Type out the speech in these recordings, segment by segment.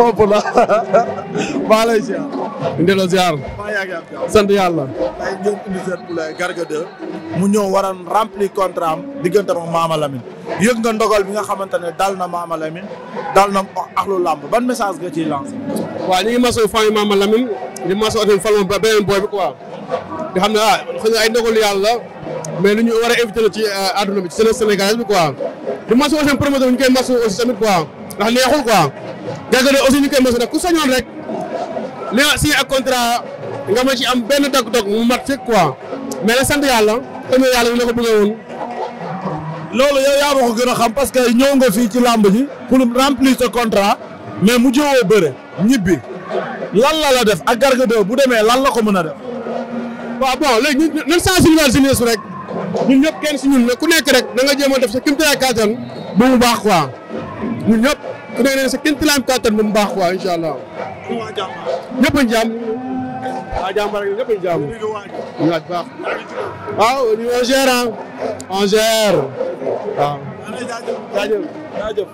bopp la maa lay ziar. Ndelo ziar. maa yaa ngi am sant yàlla. mu ñëw waroon remplir contrat am diggante ak Mama Lamine yëg nga ndogal bi nga xamante ne dal na Mama Lamine dal na axlu làmb ban message nga ciy lancé. waaw ñu ngi masawu fan yi Mama Lamine di masawu tamit fan ba beneen booy bi quoi di xam ne ah, na ay ndogal yàlla mais lu ñu war a éviter la ci euh, àdduna bi ci seen bi quoi di masawu neexul quoi. Garga 2 aussi ñu koy mos rek ku sañoon rek li nga signé ak contrat nga ma ci am benn dog-dog mu mat fekk quoi mais la sant yàlla te yàlla ñu la ko bëggee woon. loolu yow ko gën a xam parce que ñëw nga fi ci làmb ji pour remplir ce contrat mais mu jëwoo bëre ñibbi lan la la def ak Garga bu demee lan la ko mën a def. waaw bon léegi ñun ñun su rek ñëpp kenn si ñun ne ku nekk rek da nga jéem a def sa kéemtalaay kàttan bu mu baax quoi ñun ñëpp. ku nekk nag sa kéemtalaam kattan bu mu baax quoi incha allah. ñëpp a jàmm. waaw jàmbaar yi ñëpp a jàmm. ñu waaj baax. waaw ñu on gère ah. on gère waaw. jaajëf jaajëf.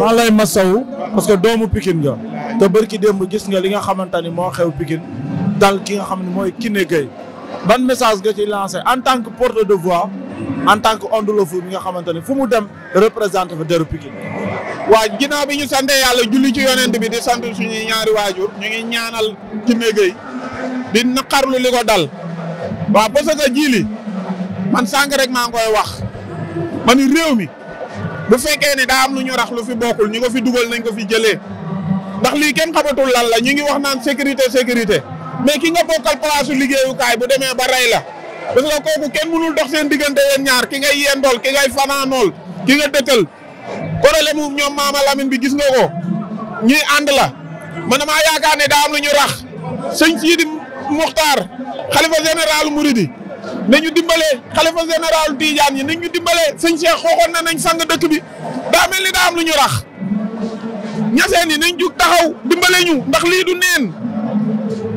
maa lay masawu parce que doomu Pikine nga te bërki démb gis nga li nga xamante ni moo xew Pikine dal ki nga xam ne mooy Kiné Gueye ban message nga ci lancé en tant que porte de voix en tant que homme de la foot bi nga xamante ne fu mu dem représenté fa deru Pikine waaw ginnaaw bi ñu sante yàlla julli ci yonent bi di sant suñuy ñaari waajur ñu ngi ñaanal ci néegay di naqarlu li ko dal waa parce que jili man sànq rek maa ngi koy wax ma ni réew mi bu fekkee ne daa am lu ñu rax lu fi bokkul ñu ko fi dugal nañ ko fi jëlee ndax lii kenn xamatul lan la ñu ngi wax naan sécurité sécurité mais ki nga bokkal place su liggéeyukaay bu demee ba rey la parce que kooku kenn mënul dox seen diggante yéen ñaar ki ngay yendool ki ngay fanaanool ki nga dëkkal problème mu ñoom Maama Lamine bi gis nga ko ñuy ànd la man damaa yaakaar ne daa am lu ñu rax sëñ Sidi Muxtaar xalifa général Mouridi ñu dimbale xalifa général Tidiane yi nañu dimbale sëñ Cheikh xooxoon na nañ sang dëkk bi daa mel ni am lu ñu rax ñaseen yi nañ jug taxaw dimbale ñu ndax lii du neen.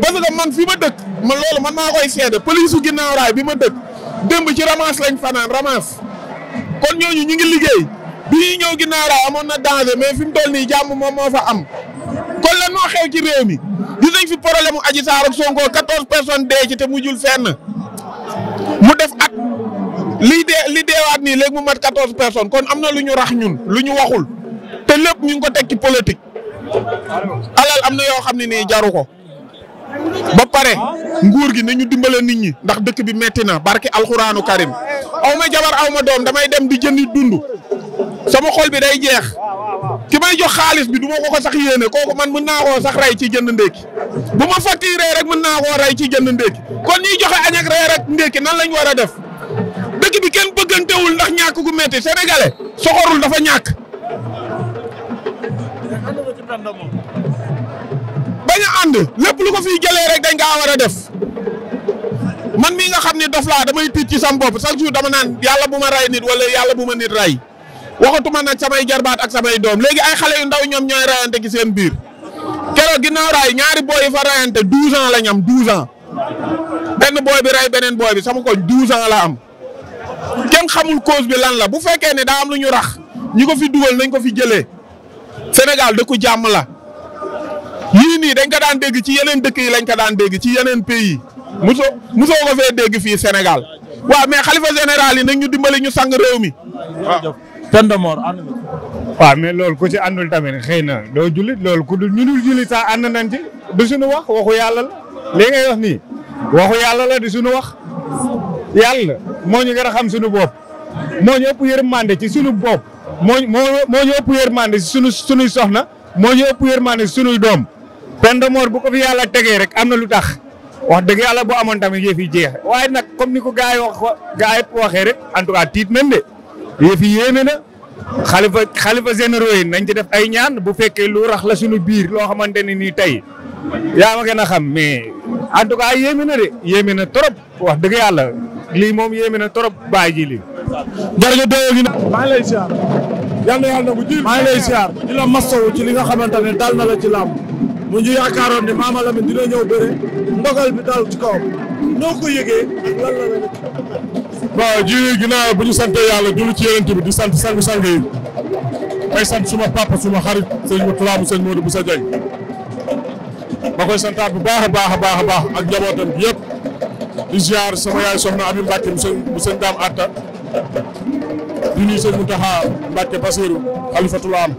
parce man fi ma dëkk man loolu man maa koy seede police su ginnaaw raay bi ma dëkk démb ci ramasse lañ fanaan ramasse kon ñooñu ñu ngi liggéey bi ñuy ñëw ginnaaw raay amoon na danger mais fi mu toll nii jàmm moom moo fa am kon lan moo xew ci réew mi di nañ fi problème mu Adji Sarr ak Sonko 14 personnes dee ci te mujjul fenn mu def at lii dee li deewaat nii léegi mu mat 14 personnes kon am na lu ñu rax ñun lu ñu waxul te lépp ñu ngi ko teg ci politique alal am na yoo xam ne nii jaru ko. ba pare nguur gi ne ñu dimbale nit ñi ndax dëkk bi metti na barki alxuraanu karim aw ma jabar aw ma doom damay dem di jëndi dund sama xol bi day jeex ki may jox xaalis bi du ma ko sax yéene ko man mën naa sax rey ci jënd ndékki bu ma facturee rek mën naa rey ci jënd ndékki kon ñiy joxe añ ak reer ak ndékki nan lañ war a def dëkk bi kenn bëggantewul ndax ñàkk gu metti sénégalais soxorul dafa ñàkk bañ a ànd lépp lu ko fi jëlee rek dañ kaa war a def man mii nga xam ni dof laa damay tiit ci sam bopp chaque dama naan yàlla bu ma rey nit wala yàlla bu ma nit rey waxatuma nag samay jarbaat ak samay doom léegi ay xale yu ndaw ñoom ñooy rayante ci seen biir keroog ginnaaw raay ñaari booy yi fa rayante 12 ans la ñu am 12 ans benn booy bi rey beneen booy bi sama koñ 12 ans la am kenn xamul cause bi lan la bu fekkee ne daa am lu ñu rax ñi ko fi dugal nañ ko fi jëlee Sénégal dëkku jàmm la. yii nii dañ ko daan dégg ci yeneen dëkk yi lañ ko daan dégg ci yeneen pays musoo musoo ko fee dégg fii Sénégal waa mais xalifa général yi nag ñu dimbali ñu sang réew mi waaw tëndmoor ànd waaw mais loolu ku ci àndul tamit xëy na doo jullit loolu ku dul ñu dul jullit sax ànd nañ ci du suñu wax waxu yàlla la li ngay wax nii waxu yàlla la di suñu wax yàlla moo ñu gën a xam suñu bopp moo ñu ëpp yërmande ci suñu bopp moo moo moo ñu ëpp yërmande suñu suñuy soxna moo ñu ëpp yërmande ci suñuy doom peine de mort bu ko fi yàlla tegee rek am na lu tax wax dëgg yàlla bu amoon tamit yëf yi jeex waaye nag comme ni ko gars yi wax gars yëpp waxee rek en tout cas tiit nañ de yëf yi yéeme na xalifa xalifa généraux yi nañ ci def ay ñaan bu fekkee lu rax la suñu biir loo xamante ne nii tey yaa ma gën a xam mais en tout cas yéeme na de yéeme na trop wax dëgg yàlla lii moom yéeme na trop bàyyi ji lii. gi. maa ngi lay siyaar. na yàlla na bu ji. li nga xamante ne dal na la ci làmb. mu ñu yaakaaroon ne Mama Lamine dina ñëw bëre ndogal bi daal ci kawam noo ko yëgee ak lan la la ji ginnaaw bu ñu sant yàlla julli ci yonent bi di sant sang-sang yi may sant suma papa suma xarit sëñ ma tulaabu sëñ Modou Boussa Diagne ko koy santaat bu baax a baax a baax a baax ak njabootam bi yëpp di ziar sama yaay soxna Abi Mbacke mu sëñ mu sëñ daam atta di nuyu sëñ Mountakha Mbacke Bassirou xalifatulaam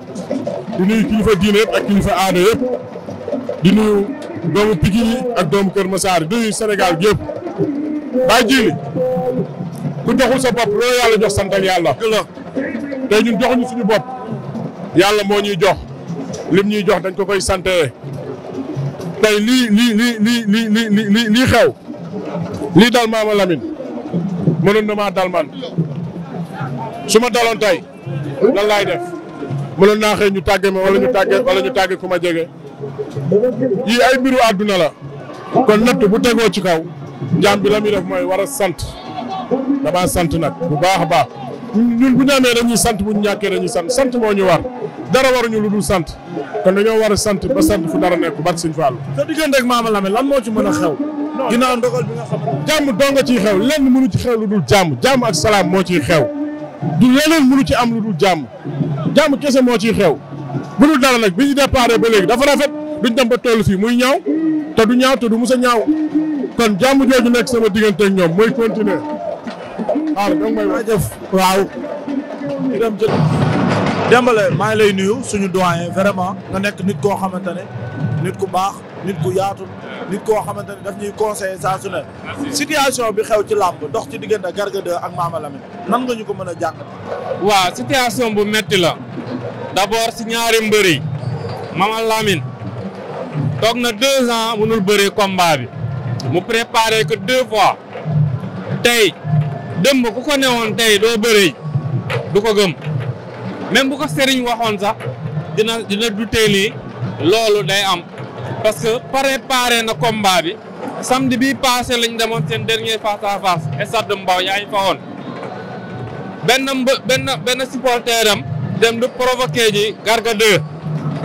di nuyu kilifa diine yëpp ak kilifa aada yëpp di nuyu doomu Pikine ak doomu Kër Massar di nuyu Sénégal bi yëpp bàyyi ku joxul sa bopp loolu yàlla jox santal yàlla. te ñun joxuñu suñu bopp yàlla moo ñuy jox lim ñuy jox dañ ko koy santee tey lii lii lii lii lii lii lii xew lii dal Maama Lamine mënoon na maa dal man su daloon tey lan laay def mënoon naa xëy ñu tàgge ma wala ñu tàgge wala ñu tàgge ku ma jege. yii ay mbiru àdduna la kon natt bu tegoo ci kaw jaam bi la muy def mooy war a sant dama sant nag bu baax a baax ñun bu ñu rek dañuy sant bu ñu ñàkkee dañuy sant sant moo ñu war dara waruñu lu dul sant kon dañoo war a sant ba sant fu dara nekk bat suñ fàllu sa diggante ak Mama Lamine lan moo ci mën a xew ginnaaw ndogal bi nga xam jàmm doo lenn mënu ci xew lu dul jàmm jàmm ak salaam moo ci xew du leneen ci am lu dul jàmm jàmm kese moo ci xew bu dul dara nag bi ñu déparé ba léegi dafa rafet duñ dem ba toll fii muy ñaaw te du ñaaw te du mus a ñaaw kon jàmm jooju nekk sama diggante ak ñoom mooy continuer waaw donc may jëf waaw maa ngi lay nuyu suñu doyen vraiment nga nekk nit koo xamante ne nit ku baax nit ku yaatu nit koo xamante ne daf ñuy conseiller situation bi xew ci làmb dox ci diggante Garga 2 ak nan nga ñu ko mën a jàngat waaw situation bu metti la d'abord si ñaari mbër yi Mama toog na deux ans mënul bëree combat bi mu préparé que deux fois tey dëmb ku ko newoon tey doo bëree du ko gëm même bu ko sëriñ waxoon sax dina dina dutee nii loolu day am parce que préparé na combat bi samedi bii passé lañ demoon seen dernier face à face stade Mbaw yaa ngi fa woon benn mb benn benn dem du provoqué ji garga deux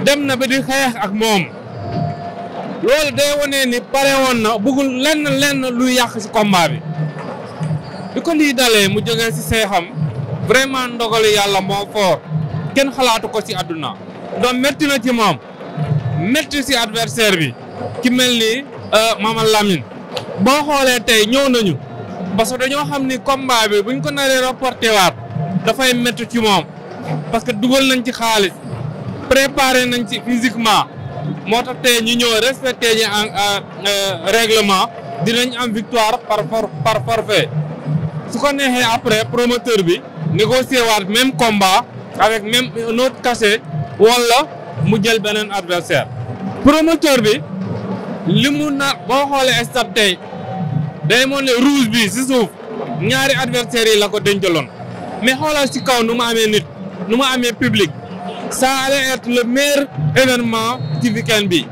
dem na ba di xeex ak moom loolu day wone ni pare woon na bëggul lenn lenn luy yàq ci combat bi bi ko lii dalee mu jógee ci seexam vraiment ndogalu yàlla moo fort kenn xalaatu ko ci àdduna donc métti na ci moom métti ci adversaire bi ki mel ni euh, Mama Lamine boo xoolee tey ñëw nañu parce que dañoo xam ni combat bi buñ ko naree reporté waat dafay métti ci moom parce que dugal nañ ci xaalis préparé nañ ci physiquement moo tax tey ñu ñëw respecté ñi en euh, règlement dinañ am victoire par par forfait su ko neexee après promoteur bi négocier waat même combat avec même un autre cachet wala mu jël beneen adversaire promoteur bi li mu na boo xoolee stade tey day moon ne rouge bi si suuf ñaari adversaires yi la ko dencaloon mais xoolal si kaw nu mu amee nit nu mu amee public ça allait être le événement ci weekend bi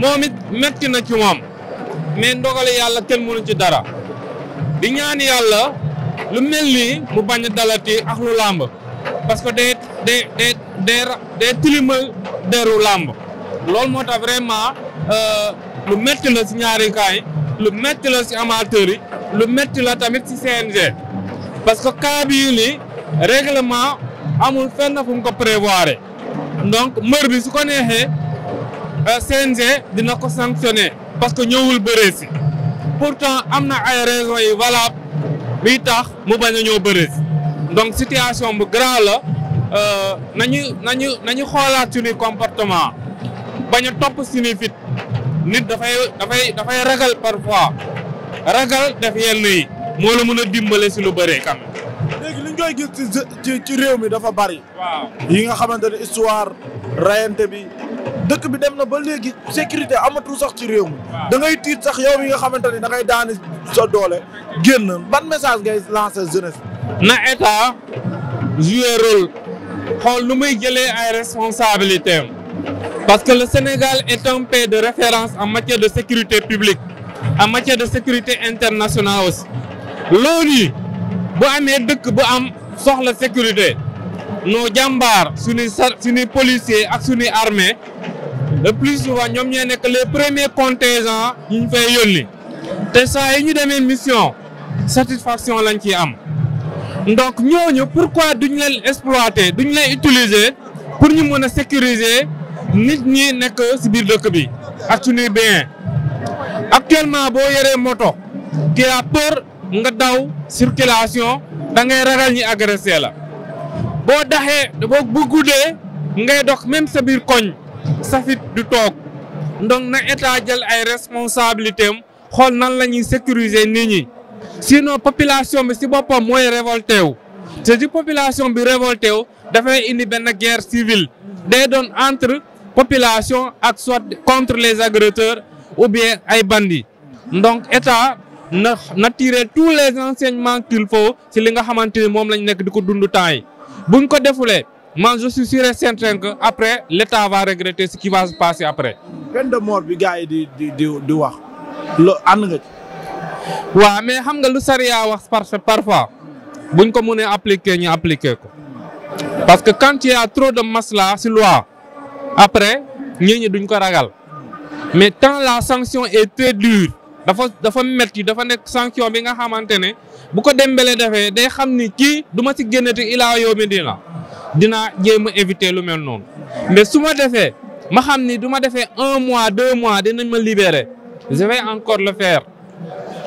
moom it metti na ci moom mais ndogale yàlla kenn mënu ci dara di ñaan yàlla lu mel nii mu bañ a dalati ak lu làmb parce que day day day day day tilimal deru làmb loolu moo tax vraiment euh, lu metti la si ñaari kaay lu metti la si amateur yi lu metti la tamit si CNG parce que cas bii nii amul fenn fu mu ko donc mbër bi su ko neexee euh, CNG dina ko sanctionner parce que ñëwul bëree si pourtant am na ay raisons yi valable liy tax mu bañ a ñëw bëree donc situation bu grand la euh, nañu nañu nañu xoolaat suñuy comportement bañ a topp suñuy nit dafay dafay dafay ragal parfois ragal def yenn yi moo la mën a dimbale si lu bëree quand koy gis ci réew mi dafa bari. yi nga xamante ne histoire rayante bi dëkk bi dem na ba léegi sécurité amatul sax ci réew mi. da tiit sax yow mi nga xamante ni da ngay daani sa doole génn ban message ngay lancer jeunesse na état jouer rôle xool nu muy jëlee ay responsabilités parce que le Sénégal est un de référence en matière de sécurité publique en matière de sécurité internationale aussi loolu bu amee dëkk bu am soxla sécurité nos jàmbaar sunu sar sunu policier ak sunu armée le plus souvent ñoom ñoo nekk le premiers contingents yi ñu fay yónni te saa yi ñu demee mission satisfaction lañ ci am donc ñooñu pourquoi duñ leen exploiter duñ leen utiliser pour ñu mën a sécuriser nit ñi nekk si biir dëkk bi ak suñuy bien actuellement boo yoree moto qui a peur nga daw circulation da ngay ragal ñi agressé la boo daxee boo bu guddee ngay dox même sa biir koñ safit du toog donc na état jël ay responsabilité xool nan la ñuy sécuriser nit ñi sinon population bi si boppam mooy révolté wu te si population bi révolté wu dafay indi benn guerre civile day doon entre population ak soit contre les agresseurs ou bien ay bandits donc état na na tirer tous les enseignements qu'il faut si li nga xamante ni moom lañu nekk di ko dund temps yi buñ ko defulee man je suis sûr et que après l' état va regretter ce qui va se passer après. peine de bi gars yi di di di wax lo ànd nga ci. waaw xam nga lu sariya wax parce parfois buñ ko mënee appliquer ñu appliquer ko parce que quand il y a trop de masla ci loi après ñii ñi duñ ko ragal mais tant la sanction est très dure. dafa dafa yi dafa nekk sanction bi nga xamante ne bu ko Dembélé defee day xam ni kii du ma si génnati ilaa yoomi dina dinaa jéem a éviter lu mel noonu mais su ma defee ma xam ni du ma defee un mois deux mois dinañ ma libérer je vais encore le faire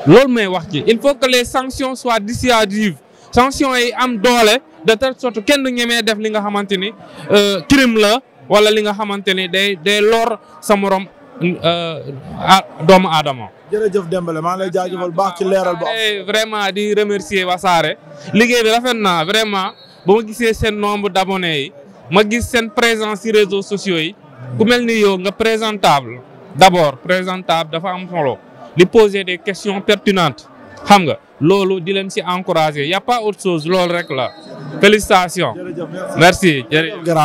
loolu mooy wax ci il faut que les sanctions soient dissuasives sanctions yi am doole de telle soto kenn du ñemee def li nga xamante ni euh, crime la wala li nga xamante ni day day lor sa morom euh, doomu aadama jërëjëf dembale maa ngi lay jaajëfal baax ci leeral bu am. vraiment di ba saare liggéey bi rafet na vraiment ba ma gisee seen nombre d'abonnés yi ma gis seen présent si réseaux sociaux yi ku mel ni yow nga présentable d'abord présentable dafa am solo di poser des questions pertinentes xam nga loolu di leen si encourager y a pas autre chose loolu rek la félicitations merci jërëjëf